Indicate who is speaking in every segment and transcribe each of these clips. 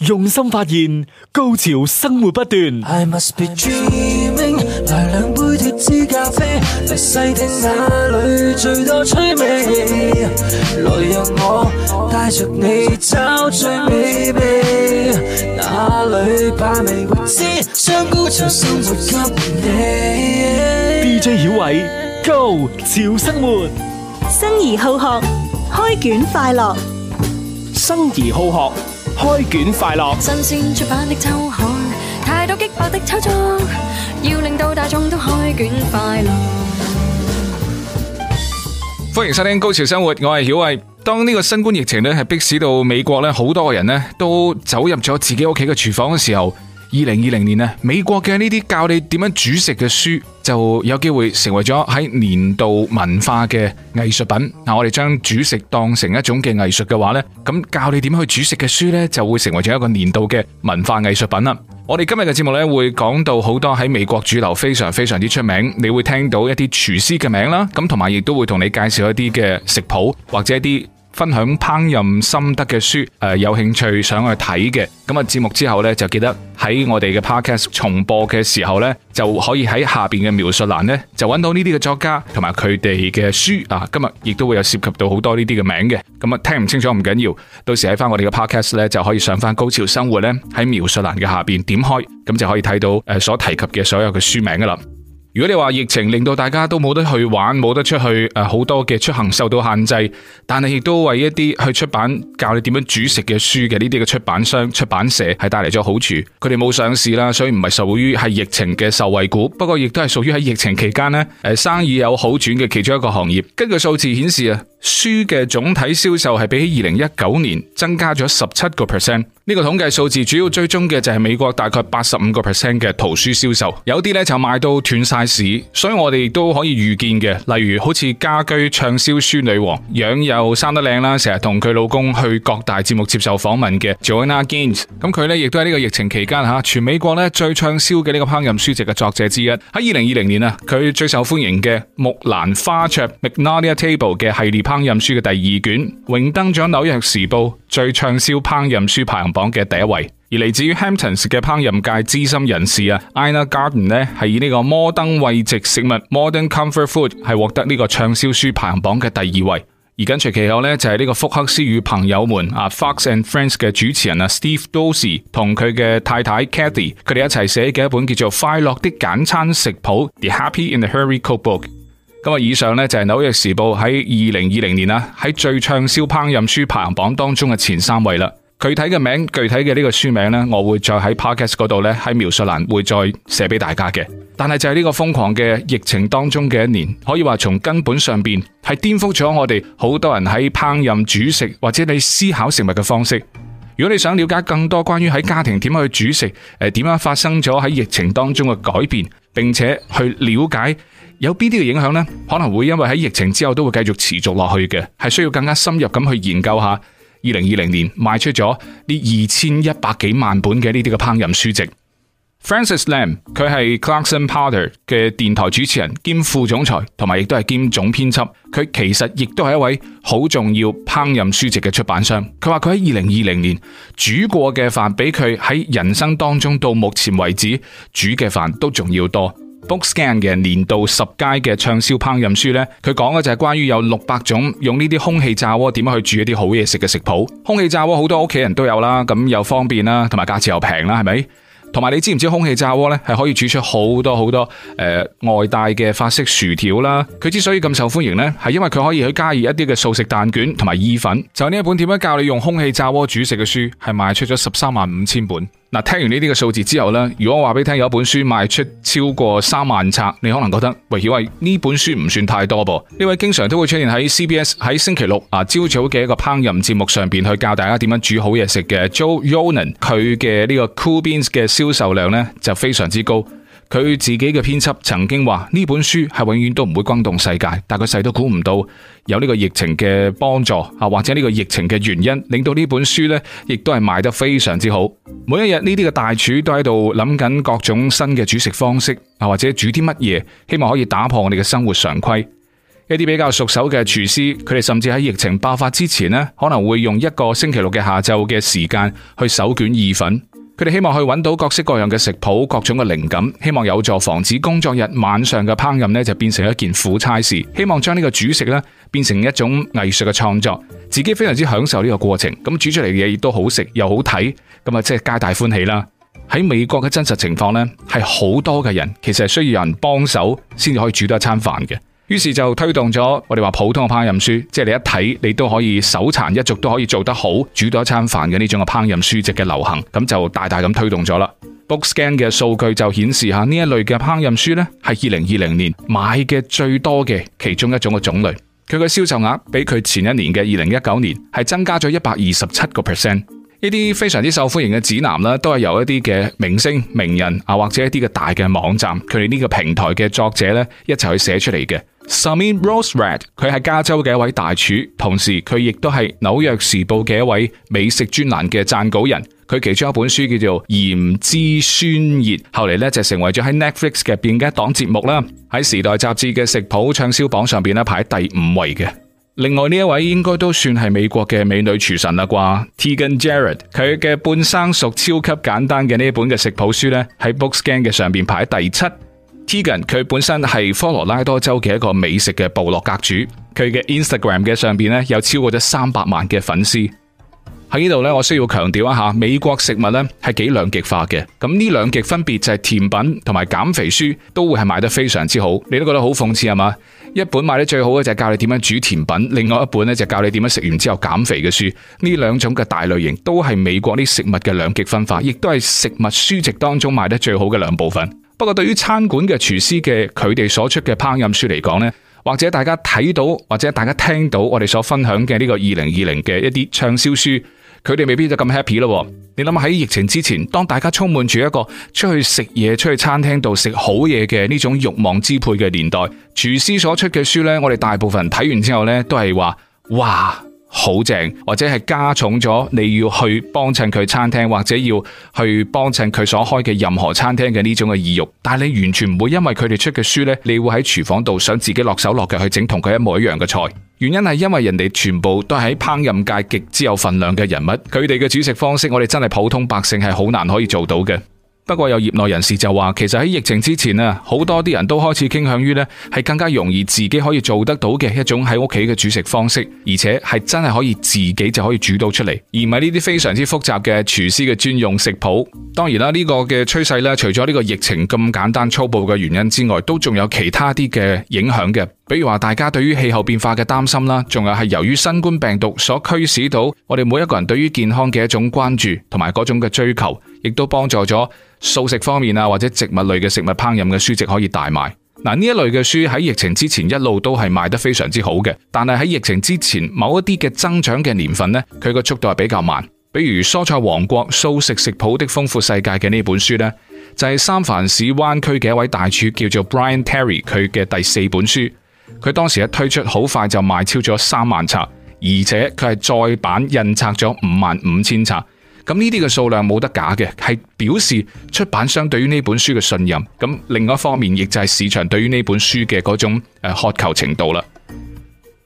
Speaker 1: 用心發現，高潮生活不斷。I must be dreaming，來兩杯脫脂咖啡，嚟細聽那裏最多趣味。來讓我帶着你找最美味，哪裏把味知？香菇潮生活給你。DJ 小偉，Go 潮生活。生而好學，開卷快樂。生而好學。開卷快樂！新鮮出版的週刊，太多激爆的炒作，要令到大眾都開卷快樂。歡迎收聽《高潮生活》，我係曉偉。當呢個新冠疫情呢係迫使到美國呢好多個人呢都走入咗自己屋企嘅廚房嘅時候。二零二零年咧，美國嘅呢啲教你點樣煮食嘅書就有機會成為咗喺年度文化嘅藝術品。嗱，我哋將煮食當成一種嘅藝術嘅話呢，咁教你點樣去煮食嘅書呢，就會成為咗一個年度嘅文化藝術品啦。我哋今日嘅節目呢，會講到好多喺美國主流非常非常之出名，你會聽到一啲廚師嘅名啦，咁同埋亦都會同你介紹一啲嘅食譜或者一啲，分享烹飪心得嘅書，誒有興趣想去睇嘅，咁啊節目之後呢，就記得喺我哋嘅 podcast 重播嘅時候呢，就可以喺下邊嘅描述欄呢，就揾到呢啲嘅作家同埋佢哋嘅書啊，今日亦都會有涉及到好多呢啲嘅名嘅，咁、嗯、啊聽唔清楚唔緊要，到時喺翻我哋嘅 podcast 呢，就可以上翻高潮生活呢。喺描述欄嘅下邊點開，咁就可以睇到誒所提及嘅所有嘅書名噶啦。如果你話疫情令到大家都冇得去玩，冇得出去誒，好多嘅出行受到限制，但係亦都為一啲去出版教你點樣煮食嘅書嘅呢啲嘅出版商、出版社係帶嚟咗好處。佢哋冇上市啦，所以唔係屬於係疫情嘅受惠股，不過亦都係屬於喺疫情期間呢誒，生意有好轉嘅其中一個行業。根據數字顯示啊。書嘅總體銷售係比起二零一九年增加咗十七個 percent，呢個統計數字主要追蹤嘅就係美國大概八十五個 percent 嘅圖書銷售，有啲咧就賣到斷晒市，所以我哋都可以預見嘅，例如好似家居暢銷書女王，樣又生得靚啦，成日同佢老公去各大節目接受訪問嘅 Joanna Gaines，咁佢呢亦都係呢個疫情期間吓全美國咧最暢銷嘅呢個烹飪書籍嘅作者之一。喺二零二零年啊，佢最受歡迎嘅木蘭花桌 Magnolia Table 嘅系列。烹飪書嘅第二卷，榮登咗紐約時報最暢銷烹飪書排行榜嘅第一位。而嚟自於 Hamptons 嘅烹飪界資深人士啊，Ina Garten 咧係以呢個摩登慰藉食物 Modern Comfort Food 係獲得呢個暢銷書排行榜嘅第二位。而跟隨其後呢，就係、是、呢個福克斯與朋友們啊 Fox and Friends 嘅主持人啊 Steve Doocy 同佢嘅太太 Kathy 佢哋一齊寫嘅一本叫做快樂的簡餐食譜 The Happy in the Hurry Cookbook。咁啊！以上呢就係《紐約時報》喺二零二零年啦，喺最暢銷烹飪書排行榜當中嘅前三位啦。具體嘅名，具體嘅呢個書名呢，我會再喺 podcast 嗰度呢，喺描述欄會再寫俾大家嘅。但係就係呢個瘋狂嘅疫情當中嘅一年，可以話從根本上邊係顛覆咗我哋好多人喺烹飪煮食或者你思考食物嘅方式。如果你想了解更多關於喺家庭點樣去煮食，誒點樣發生咗喺疫情當中嘅改變，並且去了解，有邊啲嘅影響呢？可能會因為喺疫情之後都會繼續持續落去嘅，係需要更加深入咁去研究下。二零二零年賣出咗呢二千一百幾萬本嘅呢啲嘅烹飪書籍。Francis Lam，佢係 Clarkson Potter 嘅電台主持人兼副總裁，同埋亦都係兼總編輯。佢其實亦都係一位好重要烹飪書籍嘅出版商。佢話佢喺二零二零年煮過嘅飯，比佢喺人生當中到目前為止煮嘅飯都仲要多。Bookscan 嘅年度十佳嘅暢銷烹飪書呢，佢講嘅就係關於有六百種用呢啲空氣炸鍋點樣去煮一啲好嘢食嘅食譜。空氣炸鍋好多屋企人都有啦，咁又方便啦，同埋價錢又平啦，係咪？同埋你知唔知空氣炸鍋呢係可以煮出好多好多誒、呃、外帶嘅法式薯條啦？佢之所以咁受歡迎呢，係因為佢可以去加熱一啲嘅素食蛋卷同埋意粉。就呢、是、一本點樣教你用空氣炸鍋煮食嘅書，係賣出咗十三萬五千本。嗱，聽完呢啲嘅數字之後呢，如果話俾聽有一本書賣出超過三萬冊，你可能覺得喂，呢本書唔算太多噃。呢位經常都會出現喺 CBS 喺星期六啊朝早嘅一個烹飪節目上邊去教大家點樣煮好嘢食嘅 Joe Ronan，佢嘅呢個 Cool Beans 嘅銷售量呢就非常之高。佢自己嘅編輯曾經話呢本書係永遠都唔會轟動世界，但佢細都估唔到有呢個疫情嘅幫助啊，或者呢個疫情嘅原因，令到呢本書呢亦都係賣得非常之好。每一日呢啲嘅大廚都喺度諗緊各種新嘅煮食方式啊，或者煮啲乜嘢，希望可以打破我哋嘅生活常規。一啲比較熟手嘅廚師，佢哋甚至喺疫情爆發之前呢，可能會用一個星期六嘅下晝嘅時間去手捲意粉。佢哋希望去揾到各式各樣嘅食譜、各種嘅靈感，希望有助防止工作日晚上嘅烹飪呢就變成一件苦差事。希望將呢個煮食呢變成一種藝術嘅創作，自己非常之享受呢個過程。咁煮出嚟嘅嘢亦都好食又好睇，咁啊即係皆大歡喜啦。喺美國嘅真實情況呢，係好多嘅人其實係需要有人幫手先至可以煮到一餐飯嘅。於是就推動咗我哋話普通嘅烹飪書，即係你一睇你都可以手殘一族都可以做得好煮到一餐飯嘅呢種嘅烹飪書籍嘅流行，咁就大大咁推動咗啦。Bookscan 嘅數據就顯示吓呢一類嘅烹飪書呢，係二零二零年買嘅最多嘅其中一種嘅種類，佢嘅銷售額比佢前一年嘅二零一九年係增加咗一百二十七個 percent。呢啲非常之受歡迎嘅指南呢，都係由一啲嘅明星、名人啊或者一啲嘅大嘅網站佢哋呢個平台嘅作者呢，一齊去寫出嚟嘅。Samin Nosrat 佢係加州嘅一位大廚，同時佢亦都係紐約時報嘅一位美食專欄嘅撰稿人。佢其中一本書叫做鹽之酸熱，後嚟咧就成為咗喺 Netflix 入邊嘅一檔節目啦。喺時代雜誌嘅食譜暢銷榜上邊咧排第五位嘅。另外呢一位應該都算係美國嘅美女廚神啦啩。Tegan Jarrett 佢嘅半生熟超級簡單嘅呢一本嘅食譜書咧喺 Bookscan 嘅上邊排第七。Tegan 佢本身係科羅拉多州嘅一個美食嘅部落格主，佢嘅 Instagram 嘅上邊呢有超過咗三百萬嘅粉絲。喺呢度呢，我需要強調一下，美國食物呢係幾兩極化嘅。咁呢兩極分別就係甜品同埋減肥書都會係賣得非常之好。你都覺得好諷刺係嘛？一本賣得最好嘅就係教你點樣煮甜品，另外一本呢就教你點樣食完之後減肥嘅書。呢兩種嘅大類型都係美國啲食物嘅兩極分化，亦都係食物書籍當中賣得最好嘅兩部分。不過對於餐館嘅廚師嘅佢哋所出嘅烹飪書嚟講呢，或者大家睇到或者大家聽到我哋所分享嘅呢個二零二零嘅一啲暢銷書，佢哋未必就咁 happy 咯。你諗下喺疫情之前，當大家充滿住一個出去食嘢、出去餐廳度食好嘢嘅呢種慾望支配嘅年代，廚師所出嘅書呢，我哋大部分睇完之後呢，都係話哇。好正，或者係加重咗你要去幫襯佢餐廳，或者要去幫襯佢所開嘅任何餐廳嘅呢種嘅意欲。但係你完全唔會因為佢哋出嘅書咧，你會喺廚房度想自己落手落腳去整同佢一模一樣嘅菜。原因係因為人哋全部都係喺烹飪界極之有份量嘅人物，佢哋嘅煮食方式，我哋真係普通百姓係好難可以做到嘅。不過有業內人士就話，其實喺疫情之前啊，好多啲人都開始傾向於咧係更加容易自己可以做得到嘅一種喺屋企嘅煮食方式，而且係真係可以自己就可以煮到出嚟，而唔係呢啲非常之複雜嘅廚師嘅專用食譜。當然啦，呢個嘅趨勢咧，除咗呢個疫情咁簡單粗暴嘅原因之外，都仲有其他啲嘅影響嘅。比如話，大家對於氣候變化嘅擔心啦，仲有係由於新冠病毒所驅使到，我哋每一個人對於健康嘅一種關注同埋嗰種嘅追求，亦都幫助咗素食方面啊或者植物類嘅食物烹飪嘅書籍可以大賣。嗱，呢一類嘅書喺疫情之前一路都係賣得非常之好嘅，但係喺疫情之前某一啲嘅增長嘅年份呢，佢個速度係比較慢。比如《蔬菜王國素食食譜的豐富世界》嘅呢本書呢，就係三藩市灣區嘅一位大廚叫做 Brian Terry 佢嘅第四本書。佢當時一推出，好快就賣超咗三萬冊，而且佢係再版印刷咗五萬五千冊。咁呢啲嘅數量冇得假嘅，係表示出版商對於呢本書嘅信任。咁另外一方面，亦就係市場對於呢本書嘅嗰種誒渴求程度啦。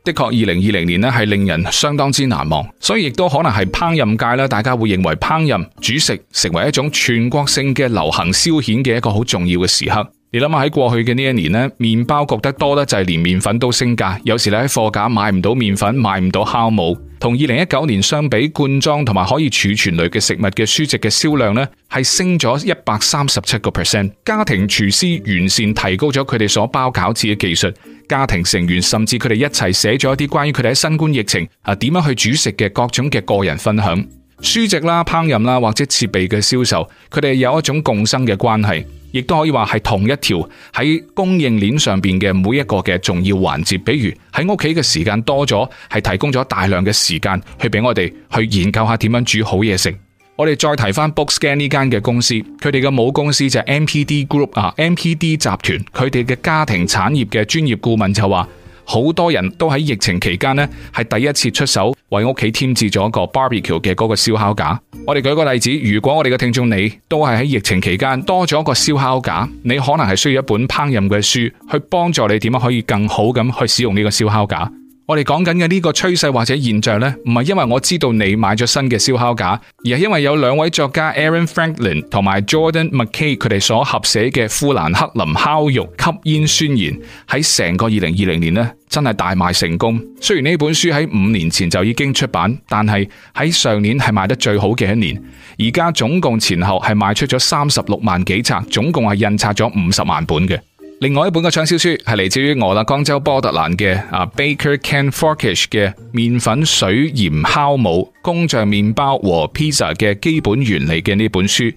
Speaker 1: 的確，二零二零年咧係令人相當之難忘，所以亦都可能係烹飪界啦，大家會認為烹飪煮食成為一種全國性嘅流行消遣嘅一個好重要嘅時刻。你諗下喺過去嘅呢一年咧，麵包焗得多得就係連麵粉都升價，有時咧喺貨架買唔到麵粉，買唔到酵母。同二零一九年相比，罐裝同埋可以儲存類嘅食物嘅書籍嘅銷量咧係升咗一百三十七個 percent。家庭廚師完善提高咗佢哋所包餃子嘅技術，家庭成員甚至佢哋一齊寫咗一啲關於佢哋喺新冠疫情啊，點樣去煮食嘅各種嘅個人分享書籍啦、烹飪啦或者設備嘅銷售，佢哋有一種共生嘅關係。亦都可以話係同一條喺供應鏈上邊嘅每一個嘅重要環節，比如喺屋企嘅時間多咗，係提供咗大量嘅時間去俾我哋去研究下點樣煮好嘢食。我哋再提翻 BookScan 呢間嘅公司，佢哋嘅母公司就係 MPD Group 啊，MPD 集團，佢哋嘅家庭產業嘅專業顧問就話。好多人都喺疫情期間咧，係第一次出手為屋企添置咗一個 barbecue 嘅嗰個燒烤架。我哋舉個例子，如果我哋嘅聽眾你都係喺疫情期間多咗個燒烤架，你可能係需要一本烹飪嘅書去幫助你點樣可以更好咁去使用呢個燒烤架。我哋講緊嘅呢個趨勢或者現象呢，唔係因為我知道你買咗新嘅燒烤架，而係因為有兩位作家 Aaron Franklin 同埋 Jordan McKay 佢哋所合寫嘅《富蘭克林烤肉吸煙宣言》喺成個二零二零年呢，真係大賣成功。雖然呢本書喺五年前就已經出版，但係喺上年係賣得最好嘅一年。而家總共前後係賣出咗三十六萬幾冊，總共係印刷咗五十萬本嘅。另外一本嘅暢銷書係嚟自於俄勒岡州波特蘭嘅阿 Baker Ken Forkish 嘅《麵粉、水、鹽、酵母、工匠麵包和 Pizza 嘅基本原理》嘅呢本書，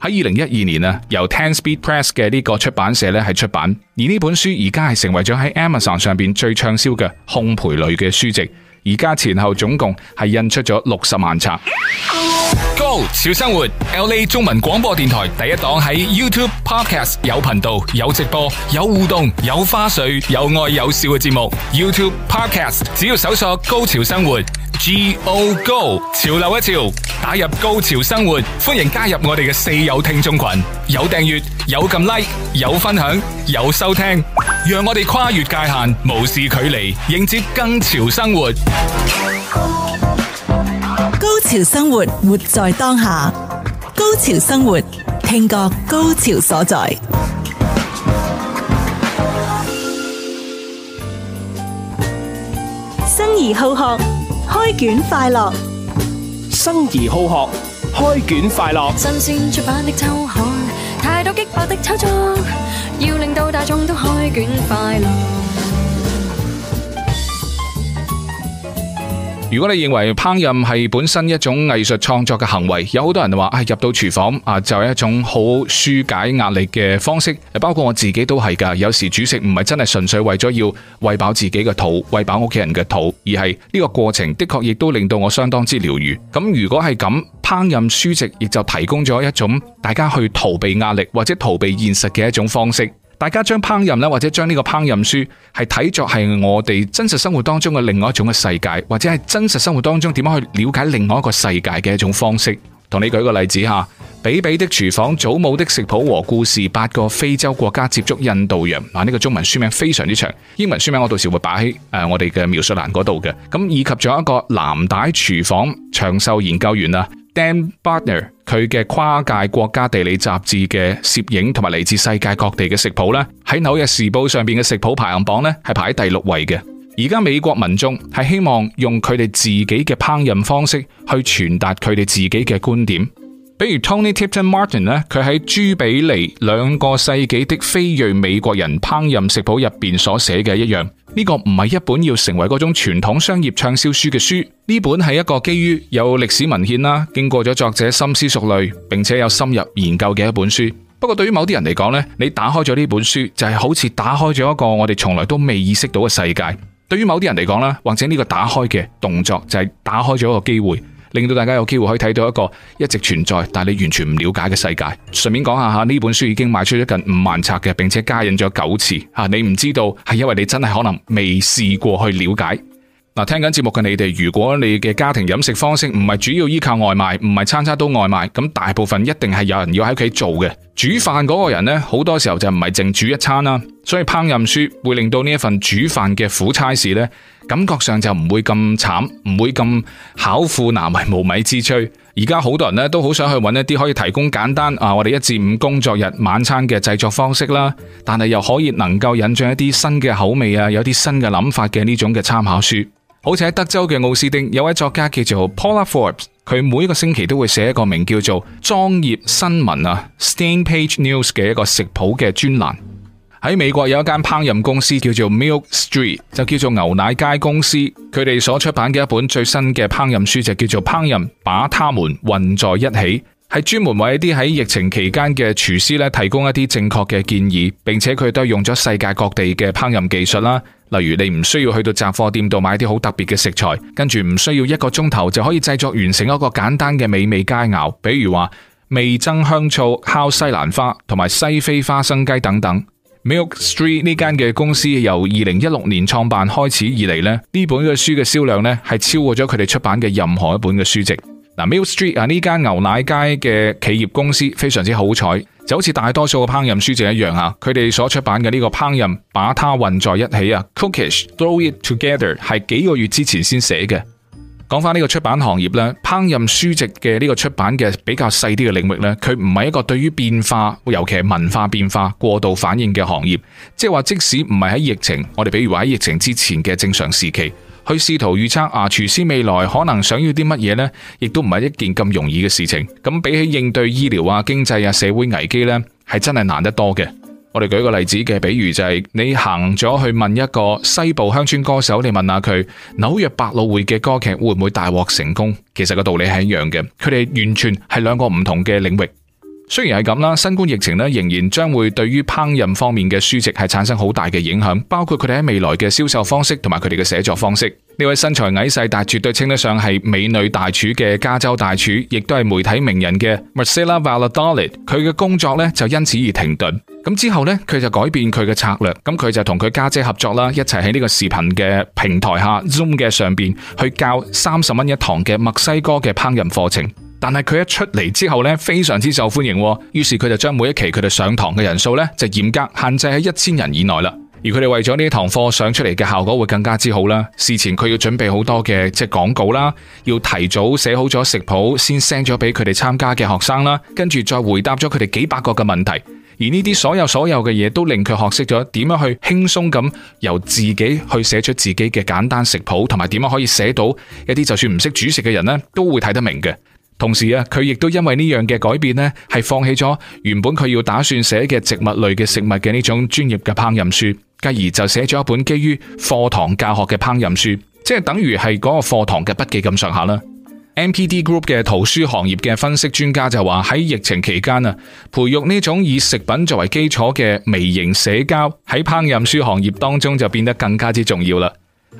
Speaker 1: 喺二零一二年啊，由 Ten Speed Press 嘅呢個出版社咧係出版，而呢本書而家係成為咗喺 Amazon 上邊最暢銷嘅烘焙類嘅書籍。而家前後總共係印出咗六十萬冊。高潮生活，LA 中文廣播電台第一檔喺 YouTube Podcast 有頻道、有直播、有互動、有花絮、有愛有笑嘅節目。YouTube Podcast 只要搜索《高潮生活》。G O Go，潮流一潮，打入高潮生活。歡迎加入我哋嘅四友聽眾群，有訂閱，有撳 like，有分享，有收聽，讓我哋跨越界限，無視距離，迎接更潮生活。高潮生活，活在當下。高潮生活，聽覺高潮所在。生而好學。開卷快樂，生而好學，開卷快樂。新鮮出版的週刊，太多激烈的炒作，要令到大眾都開卷快樂。如果你認為烹飪係本身一種藝術創作嘅行為，有好多人話，啊、哎、入到廚房啊就係、是、一種好紓解壓力嘅方式，包括我自己都係噶。有時煮食唔係真係純粹為咗要餵飽自己嘅肚，餵飽屋企人嘅肚，而係呢個過程的確亦都令到我相當之療癒。咁如果係咁，烹飪書籍亦就提供咗一種大家去逃避壓力或者逃避現實嘅一種方式。大家將烹飪咧，或者將呢個烹飪書係睇作係我哋真實生活當中嘅另外一種嘅世界，或者係真實生活當中點樣去了解另外一個世界嘅一種方式。同你舉個例子吓，比比的廚房祖母的食譜和故事，八個非洲國家接觸印度洋。嗱、啊、呢、這個中文書名非常之長，英文書名我到時會擺喺誒我哋嘅描述欄嗰度嘅。咁以及仲有一個藍帶廚房長壽研究員啦，Dan Buettner。佢嘅跨界國家地理雜誌嘅攝影，同埋嚟自世界各地嘅食譜呢，喺紐約時報上面嘅食譜排行榜呢，係排喺第六位嘅。而家美國民眾係希望用佢哋自己嘅烹飪方式去傳達佢哋自己嘅觀點。比如 Tony Tipton Martin 咧，佢喺朱比利兩個世紀的非裔美國人烹飪食譜入邊所寫嘅一樣，呢個唔係一本要成為嗰種傳統商業暢銷書嘅書，呢本係一個基於有歷史文獻啦，經過咗作者深思熟慮，並且有深入研究嘅一本書。不過對於某啲人嚟講咧，你打開咗呢本書就係好似打開咗一個我哋從來都未意識到嘅世界。對於某啲人嚟講啦，或者呢個打開嘅動作就係打開咗一個機會。令到大家有機會可以睇到一個一直存在但你完全唔了解嘅世界。順便講下嚇，呢本書已經賣出咗近五萬冊嘅，並且加印咗九次。嚇，你唔知道係因為你真係可能未試過去了解。嗱，聽緊節目嘅你哋，如果你嘅家庭飲食方式唔係主要依靠外賣，唔係餐餐都外賣，咁大部分一定係有人要喺屋企做嘅煮飯嗰個人呢，好多時候就唔係淨煮一餐啦，所以烹飪書會令到呢一份煮飯嘅苦差事呢，感覺上就唔會咁慘，唔會咁巧婦難為無米之炊。而家好多人呢，都好想去搵一啲可以提供簡單啊，我哋一至五工作日晚餐嘅製作方式啦，但係又可以能夠引進一啲新嘅口味啊，有啲新嘅諗法嘅呢種嘅參考書。好似喺德州嘅奧斯汀，有位作家叫做 Paula Forbes，佢每一個星期都會寫一個名叫做《莊業新聞》啊，Stained Page News 嘅一個食譜嘅專欄。喺美國有一間烹飪公司叫做 Milk Street，就叫做牛奶街公司。佢哋所出版嘅一本最新嘅烹飪書就叫做《烹飪把它們混在一起》。係專門為一啲喺疫情期間嘅廚師咧，提供一啲正確嘅建議，並且佢都係用咗世界各地嘅烹飪技術啦。例如你唔需要去到雜貨店度買啲好特別嘅食材，跟住唔需要一個鐘頭就可以製作完成一個簡單嘅美味佳肴。比如話味噌香醋烤西蘭花同埋西非花生雞等等。Milk Street 呢間嘅公司由二零一六年創辦開始以嚟咧，呢本嘅書嘅銷量咧係超過咗佢哋出版嘅任何一本嘅書籍。Milk Street 啊，呢間牛奶街嘅企業公司非常之好彩，就好似大多數嘅烹飪書籍一樣啊，佢哋所出版嘅呢個烹飪把它混在一起啊，Cookish, Throw It Together 係幾個月之前先寫嘅。講返呢個出版行業咧，烹飪書籍嘅呢個出版嘅比較細啲嘅領域咧，佢唔係一個對於變化，尤其係文化變化過度反應嘅行業。即係話，即使唔係喺疫情，我哋比如話喺疫情之前嘅正常時期。去試圖預測啊，廚師未來可能想要啲乜嘢呢？亦都唔係一件咁容易嘅事情。咁比起應對醫療啊、經濟啊、社會危機呢，係真係難得多嘅。我哋舉個例子嘅，比如就係、是、你行咗去問一個西部鄉村歌手，你問下佢紐約百老匯嘅歌劇會唔會大獲成功？其實個道理係一樣嘅，佢哋完全係兩個唔同嘅領域。雖然係咁啦，新冠疫情仍然將會對於烹飪方面嘅書籍係產生好大嘅影響，包括佢哋喺未來嘅銷售方式同埋佢哋嘅寫作方式。呢位身材矮細但絕對稱得上係美女大廚嘅加州大廚，亦都係媒體名人嘅 Marcela Valladolid，佢嘅工作咧，就因此而停頓。咁之後呢，佢就改變佢嘅策略，咁佢就同佢家姐合作啦，一齊喺呢個視頻嘅平台下 Zoom 嘅上面去教三十蚊一堂嘅墨西哥嘅烹飪課程。但係佢一出嚟之後呢，非常之受歡迎喎。於是佢就將每一期佢哋上堂嘅人數呢，就嚴格限制喺一千人以內啦。而佢哋為咗呢堂課上出嚟嘅效果會更加之好啦，事前佢要準備好多嘅即係廣告啦，要提早寫好咗食譜，先 send 咗俾佢哋參加嘅學生啦，跟住再回答咗佢哋幾百個嘅問題。而呢啲所有所有嘅嘢都令佢學識咗點樣去輕鬆咁由自己去寫出自己嘅簡單食譜，同埋點樣可以寫到一啲就算唔識煮食嘅人呢，都會睇得明嘅。同時啊，佢亦都因為呢樣嘅改變呢係放棄咗原本佢要打算寫嘅植物類嘅食物嘅呢種專業嘅烹飪書，繼而就寫咗一本基於課堂教學嘅烹飪書，即係等於係嗰個課堂嘅筆記咁上下啦。MPD Group 嘅圖書行業嘅分析專家就話喺疫情期間啊，培育呢種以食品作為基礎嘅微型社交喺烹飪書行業當中就變得更加之重要啦。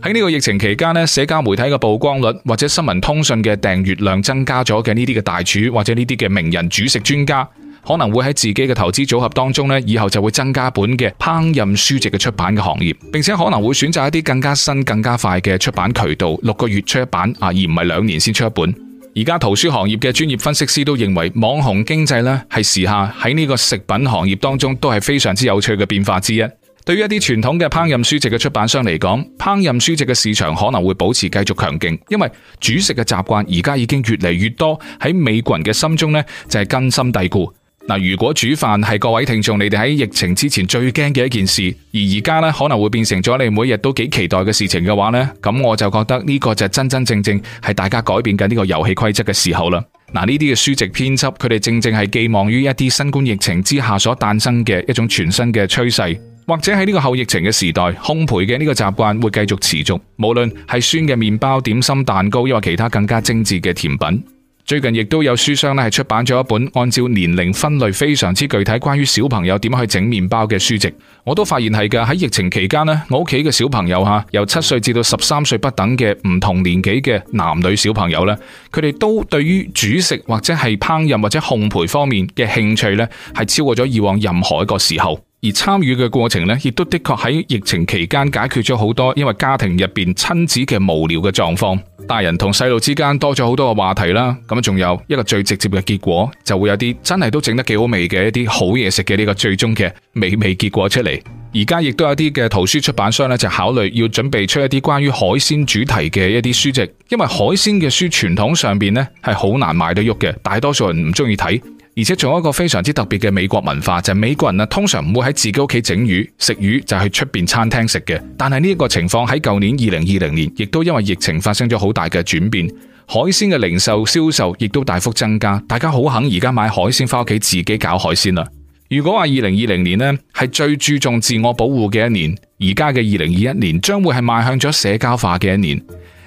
Speaker 1: 喺呢個疫情期間呢，社交媒體嘅曝光率或者新聞通訊嘅訂閱量增加咗嘅呢啲嘅大廚或者呢啲嘅名人煮食專家，可能會喺自己嘅投資組合當中呢，以後就會增加本嘅烹飪書籍嘅出版嘅行業，並且可能會選擇一啲更加新、更加快嘅出版渠道，六個月出一版啊，而唔係兩年先出一本。而家圖書行業嘅專業分析師都認為，網紅經濟呢，係時下喺呢個食品行業當中都係非常之有趣嘅變化之一。對於一啲傳統嘅烹飪書籍嘅出版商嚟講，烹飪書籍嘅市場可能會保持繼續強勁，因為煮食嘅習慣而家已經越嚟越多喺美國人嘅心中呢，就係根深蒂固嗱。如果煮飯係各位聽眾你哋喺疫情之前最驚嘅一件事，而而家呢可能會變成咗你每日都幾期待嘅事情嘅話呢，咁我就覺得呢個就真真正正係大家改變緊呢個遊戲規則嘅時候啦。嗱，呢啲嘅書籍編輯佢哋正正係寄望於一啲新冠疫情之下所誕生嘅一種全新嘅趨勢。或者喺呢個後疫情嘅時代，烘焙嘅呢個習慣會繼續持續，無論係酸嘅麵包、點心、蛋糕，亦或者其他更加精致嘅甜品。最近亦都有書商呢係出版咗一本按照年齡分類非常之具體關於小朋友點去整麵包嘅書籍。我都發現係噶，喺疫情期間呢，我屋企嘅小朋友吓，由七歲至到十三歲不等嘅唔同年紀嘅男女小朋友呢，佢哋都對於煮食或者係烹飪或者烘焙方面嘅興趣呢，係超過咗以往任何一個時候。而參與嘅過程呢，亦都的確喺疫情期間解決咗好多，因為家庭入邊親子嘅無聊嘅狀況，大人同細路之間多咗好多嘅話題啦。咁仲有一個最直接嘅結果，就會有啲真係都整得幾好味嘅一啲好嘢食嘅呢個最終嘅美味結果出嚟。而家亦都有啲嘅圖書出版商呢，就考慮要準備出一啲關於海鮮主題嘅一啲書籍，因為海鮮嘅書傳統上邊呢，係好難賣得喐嘅，大多數人唔中意睇。而且仲有一個非常之特別嘅美國文化，就係美國人啊，通常唔會喺自己屋企整魚食魚就去出邊餐廳食嘅。但係呢一個情況喺舊年二零二零年，亦都因為疫情發生咗好大嘅轉變，海鮮嘅零售銷售亦都大幅增加，大家好肯而家買海鮮翻屋企自己搞海鮮啦。如果話二零二零年呢係最注重自我保護嘅一年，而家嘅二零二一年將會係邁向咗社交化嘅一年。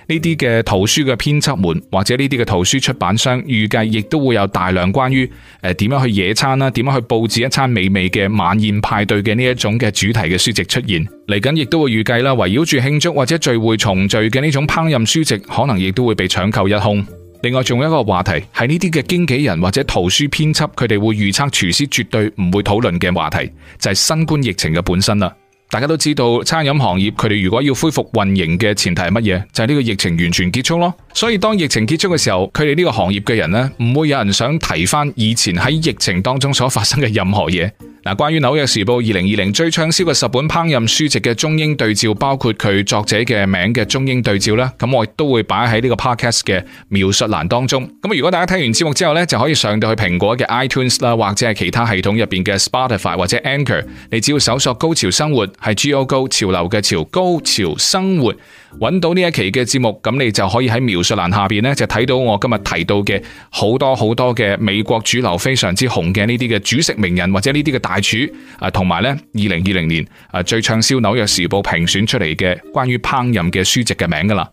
Speaker 1: 呢啲嘅圖書嘅編輯們或者呢啲嘅圖書出版商預計亦都會有大量關於誒點樣去野餐啦，點樣去佈置一餐美味嘅晚宴派對嘅呢一種嘅主題嘅書籍出現嚟緊，亦都會預計啦，圍繞住慶祝或者聚會重聚嘅呢種烹飪書籍可能亦都會被搶購一空。另外仲有一個話題係呢啲嘅經紀人或者圖書編輯，佢哋會預測廚師絕對唔會討論嘅話題就係、是、新冠疫情嘅本身啦。大家都知道，餐飲行業佢哋如果要恢復運營嘅前提係乜嘢？就係呢個疫情完全結束咯。所以當疫情結束嘅時候，佢哋呢個行業嘅人呢，唔會有人想提翻以前喺疫情當中所發生嘅任何嘢嗱。關於《紐約時報》二零二零最暢銷嘅十本烹飪書籍嘅中英對照，包括佢作者嘅名嘅中英對照啦，咁我亦都會擺喺呢個 podcast 嘅描述欄當中。咁如果大家聽完節目之後呢，就可以上到去蘋果嘅 iTunes 啦，或者係其他系統入邊嘅 Spotify 或者 Anchor，你只要搜索《高潮生活》。係 G O Go 潮流嘅潮，高潮生活，搵到呢一期嘅節目，咁你就可以喺描述欄下邊呢就睇到我今日提到嘅好多好多嘅美國主流非常之紅嘅呢啲嘅主食名人或者呢啲嘅大廚啊，同埋呢二零二零年啊最暢銷《紐約時報》評選出嚟嘅關於烹飪嘅書籍嘅名噶啦。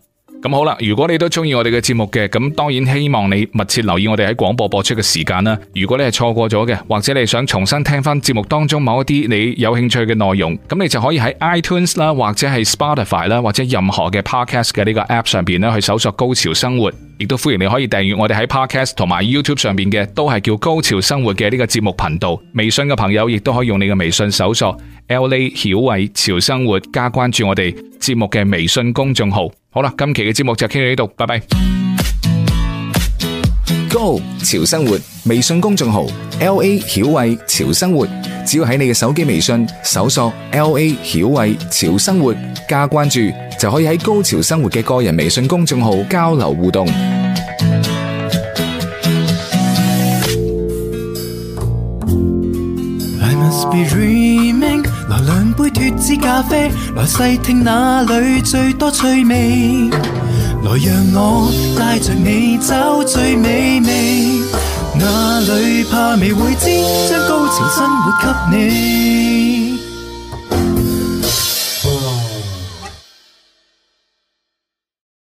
Speaker 1: 咁好啦，如果你都中意我哋嘅節目嘅，咁當然希望你密切留意我哋喺廣播播出嘅時間啦。如果你係錯過咗嘅，或者你想重新聽翻節目當中某一啲你有興趣嘅內容，咁你就可以喺 iTunes 啦，或者係 Spotify 啦，或者任何嘅 Podcast 嘅呢個 App 上邊咧去搜索《高潮生活》。亦都歡迎你可以訂閱我哋喺 Podcast 同埋 YouTube 上邊嘅都係叫《高潮生活》嘅呢個節目頻道。微信嘅朋友亦都可以用你嘅微信搜索 “L A 曉偉潮生活”，加關注我哋節目嘅微信公眾號。好啦，今期嘅節目就傾到呢度，拜拜。Go 潮生活微信公眾號 LA 曉慧潮生活，只要喺你嘅手機微信搜索 LA 曉慧潮生活加關注，就可以喺高潮生活嘅個人微信公眾號交流互動。來兩杯脫脂咖啡，來細聽那裏最多趣味。來讓我帶着你找最美味，哪裏怕未會知，將高潮生活給你。